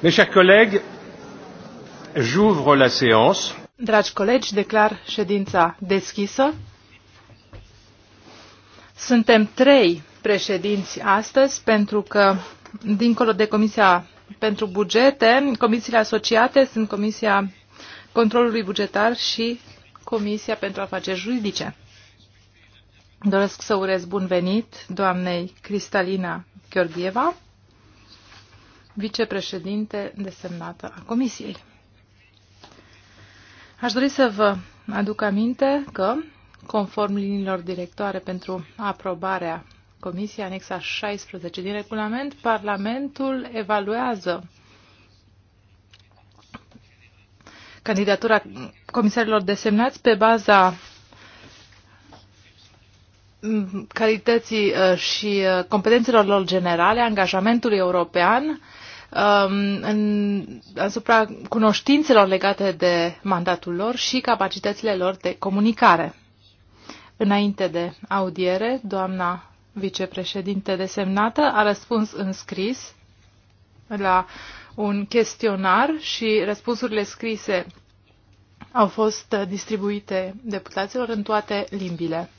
Mes chers collègues, j'ouvre la séance. Dragi colegi, declar ședința deschisă. Suntem trei președinți astăzi pentru că, dincolo de Comisia pentru Bugete, comisiile asociate sunt Comisia Controlului Bugetar și Comisia pentru Afaceri Juridice. Doresc să urez bun venit doamnei Cristalina Gheorgheva, vicepreședinte desemnată a Comisiei. Aș dori să vă aduc aminte că, conform liniilor directoare pentru aprobarea Comisiei anexa 16 din regulament, Parlamentul evaluează candidatura comisarilor desemnați pe baza mm, calității uh, și uh, competențelor lor generale, angajamentului european Um, în, asupra cunoștințelor legate de mandatul lor și capacitățile lor de comunicare. Înainte de audiere, doamna vicepreședinte desemnată a răspuns în scris la un chestionar și răspunsurile scrise au fost distribuite deputaților în toate limbile.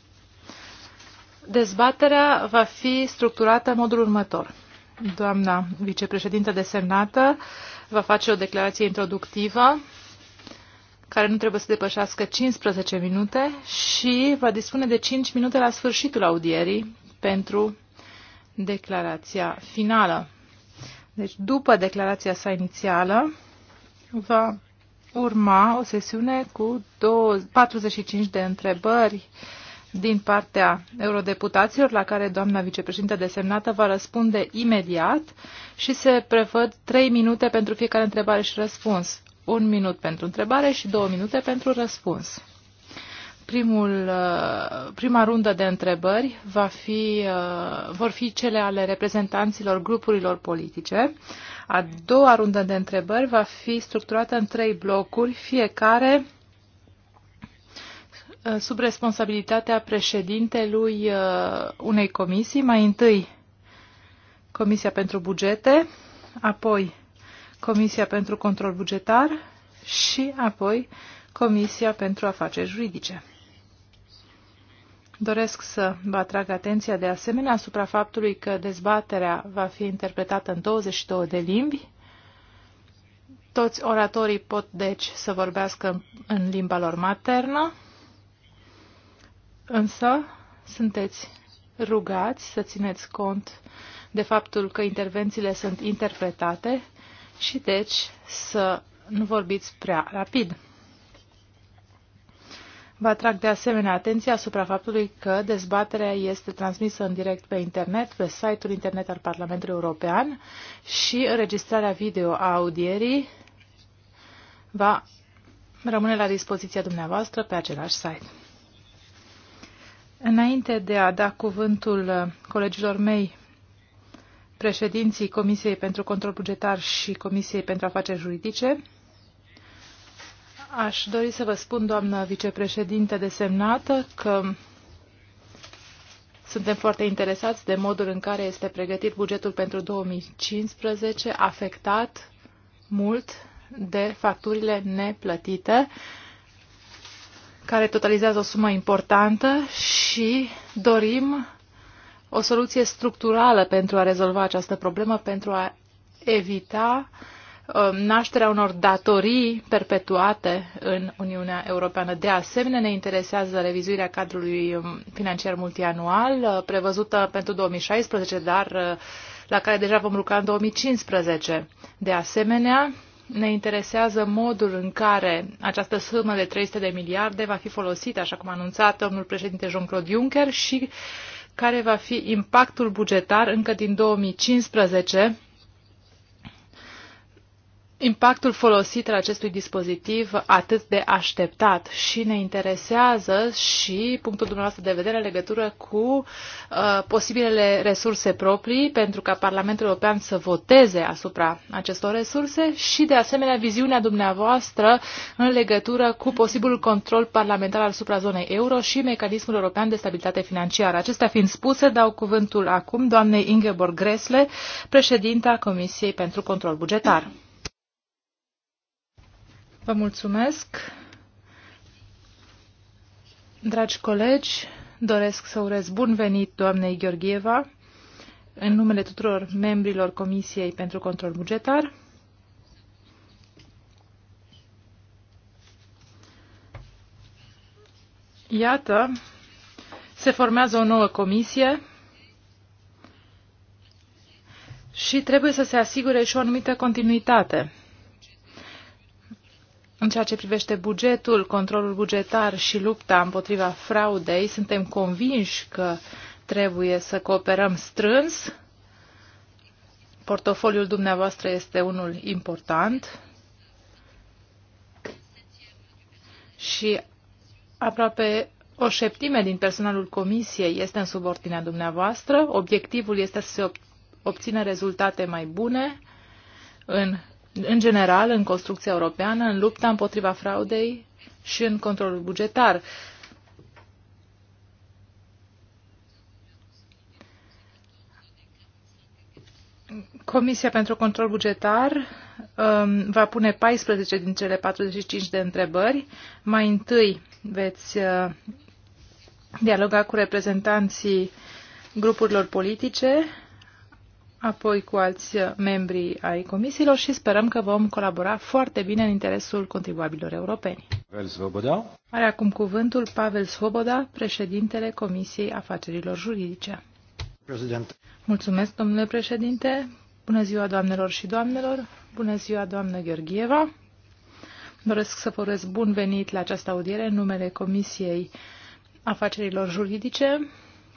Dezbaterea va fi structurată în modul următor. Doamna vicepreședintă desemnată va face o declarație introductivă care nu trebuie să depășească 15 minute și va dispune de 5 minute la sfârșitul audierii pentru declarația finală. Deci, după declarația sa inițială, va urma o sesiune cu 45 de întrebări din partea eurodeputaților, la care doamna vicepreședintă desemnată va răspunde imediat și se prevăd trei minute pentru fiecare întrebare și răspuns. Un minut pentru întrebare și două minute pentru răspuns. Primul, uh, prima rundă de întrebări va fi, uh, vor fi cele ale reprezentanților grupurilor politice. A doua rundă de întrebări va fi structurată în trei blocuri, fiecare Uh, sub responsabilitatea președintelui uh, unei comisii, mai întâi Comisia pentru Bugete, apoi Comisia pentru Control Bugetar și apoi Comisia pentru Afaceri Juridice. Doresc să vă atrag atenția de asemenea asupra faptului că dezbaterea va fi interpretată în 22 de limbi. Toți oratorii pot deci să vorbească în limba lor maternă. Însă, sunteți rugați să țineți cont de faptul că intervențiile sunt interpretate și deci să nu vorbiți prea rapid. Vă atrag de asemenea atenția asupra faptului că dezbaterea este transmisă în direct pe internet, pe site-ul internet al Parlamentului European și înregistrarea video a audierii va rămâne la dispoziția dumneavoastră pe același site. Înainte de a da cuvântul uh, colegilor mei, președinții Comisiei pentru Control Bugetar și Comisiei pentru Afaceri Juridice, aș dori să vă spun, doamnă vicepreședinte desemnată, că suntem foarte interesați de modul în care este pregătit bugetul pentru 2015, afectat mult de facturile neplătite care totalizează o sumă importantă și dorim o soluție structurală pentru a rezolva această problemă, pentru a evita um, nașterea unor datorii perpetuate în Uniunea Europeană. De asemenea, ne interesează revizuirea cadrului um, financiar multianual, uh, prevăzută pentru 2016, dar uh, la care deja vom lucra în 2015. De asemenea, ne interesează modul în care această sumă de 300 de miliarde va fi folosită, așa cum a anunțat domnul președinte Jean-Claude Juncker, și care va fi impactul bugetar încă din 2015 impactul folosit al acestui dispozitiv atât de așteptat și ne interesează și punctul dumneavoastră de vedere în legătură cu uh, posibilele resurse proprii pentru ca Parlamentul European să voteze asupra acestor resurse și de asemenea viziunea dumneavoastră în legătură cu posibilul control parlamentar asupra zonei euro și mecanismul european de stabilitate financiară. Acestea fiind spuse, dau cuvântul acum doamnei Ingeborg Gresle, președinta Comisiei pentru Control Bugetar. Vă mulțumesc. Dragi colegi, doresc să urez bun venit doamnei Gheorgheva în numele tuturor membrilor Comisiei pentru Control Bugetar. Iată, se formează o nouă comisie și trebuie să se asigure și o anumită continuitate. În ceea ce privește bugetul, controlul bugetar și lupta împotriva fraudei, suntem convinși că trebuie să cooperăm strâns. Portofoliul dumneavoastră este unul important și aproape o șeptime din personalul comisiei este în subordinea dumneavoastră. Obiectivul este să se obțină rezultate mai bune în în general, în construcția europeană, în lupta împotriva fraudei și în controlul bugetar. Comisia pentru control bugetar um, va pune 14 din cele 45 de întrebări. Mai întâi veți uh, dialoga cu reprezentanții grupurilor politice apoi cu alți membri ai comisiilor și sperăm că vom colabora foarte bine în interesul contribuabilor europeni. Pavel Svoboda. Are acum cuvântul Pavel Svoboda, președintele Comisiei Afacerilor Juridice. President. Mulțumesc, domnule președinte. Bună ziua, doamnelor și doamnelor. Bună ziua, doamnă Gheorgheva. Doresc să vă urez bun venit la această audiere în numele Comisiei Afacerilor Juridice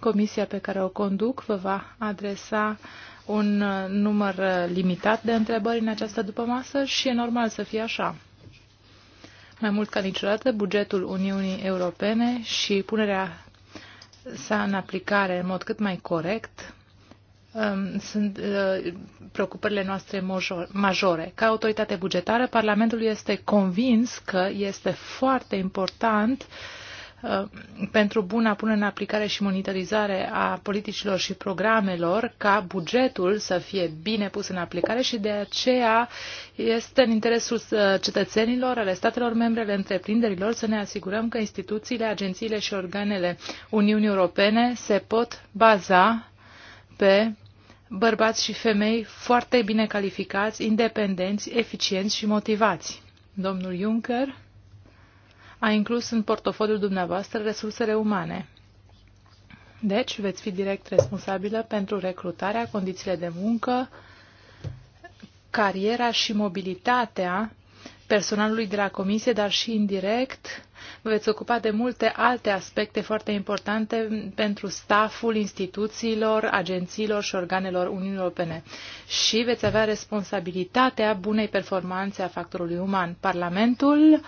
Comisia pe care o conduc vă va adresa un uh, număr uh, limitat de întrebări în această dupămasă și e normal să fie așa. Mai mult ca niciodată, bugetul Uniunii Europene și punerea sa în aplicare în mod cât mai corect um, sunt uh, preocupările noastre majore. Ca autoritate bugetară, Parlamentul este convins că este foarte important uh, Uh, pentru buna punere în aplicare și monitorizare a politicilor și programelor ca bugetul să fie bine pus în aplicare și de aceea este în interesul uh, cetățenilor, ale statelor membre, ale întreprinderilor să ne asigurăm că instituțiile, agențiile și organele Uniunii Europene se pot baza pe bărbați și femei foarte bine calificați, independenți, eficienți și motivați. Domnul Juncker a inclus în portofoliul dumneavoastră resursele umane. Deci, veți fi direct responsabilă pentru recrutarea, condițiile de muncă, cariera și mobilitatea personalului de la comisie, dar și indirect vă veți ocupa de multe alte aspecte foarte importante pentru staful instituțiilor, agențiilor și organelor Uniunii Europene și veți avea responsabilitatea bunei performanțe a factorului uman. Parlamentul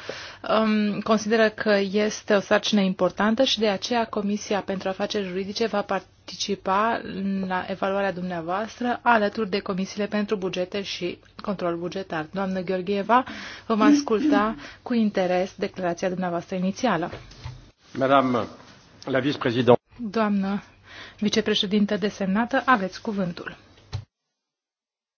um, consideră că este o sarcină importantă și de aceea Comisia pentru Afaceri Juridice va participa participa la evaluarea dumneavoastră alături de comisiile pentru bugete și control bugetar. Doamnă Gheorgheva, vom asculta cu interes declarația dumneavoastră inițială. Madame la vicepreședintă. Doamnă vicepreședintă desemnată, aveți cuvântul.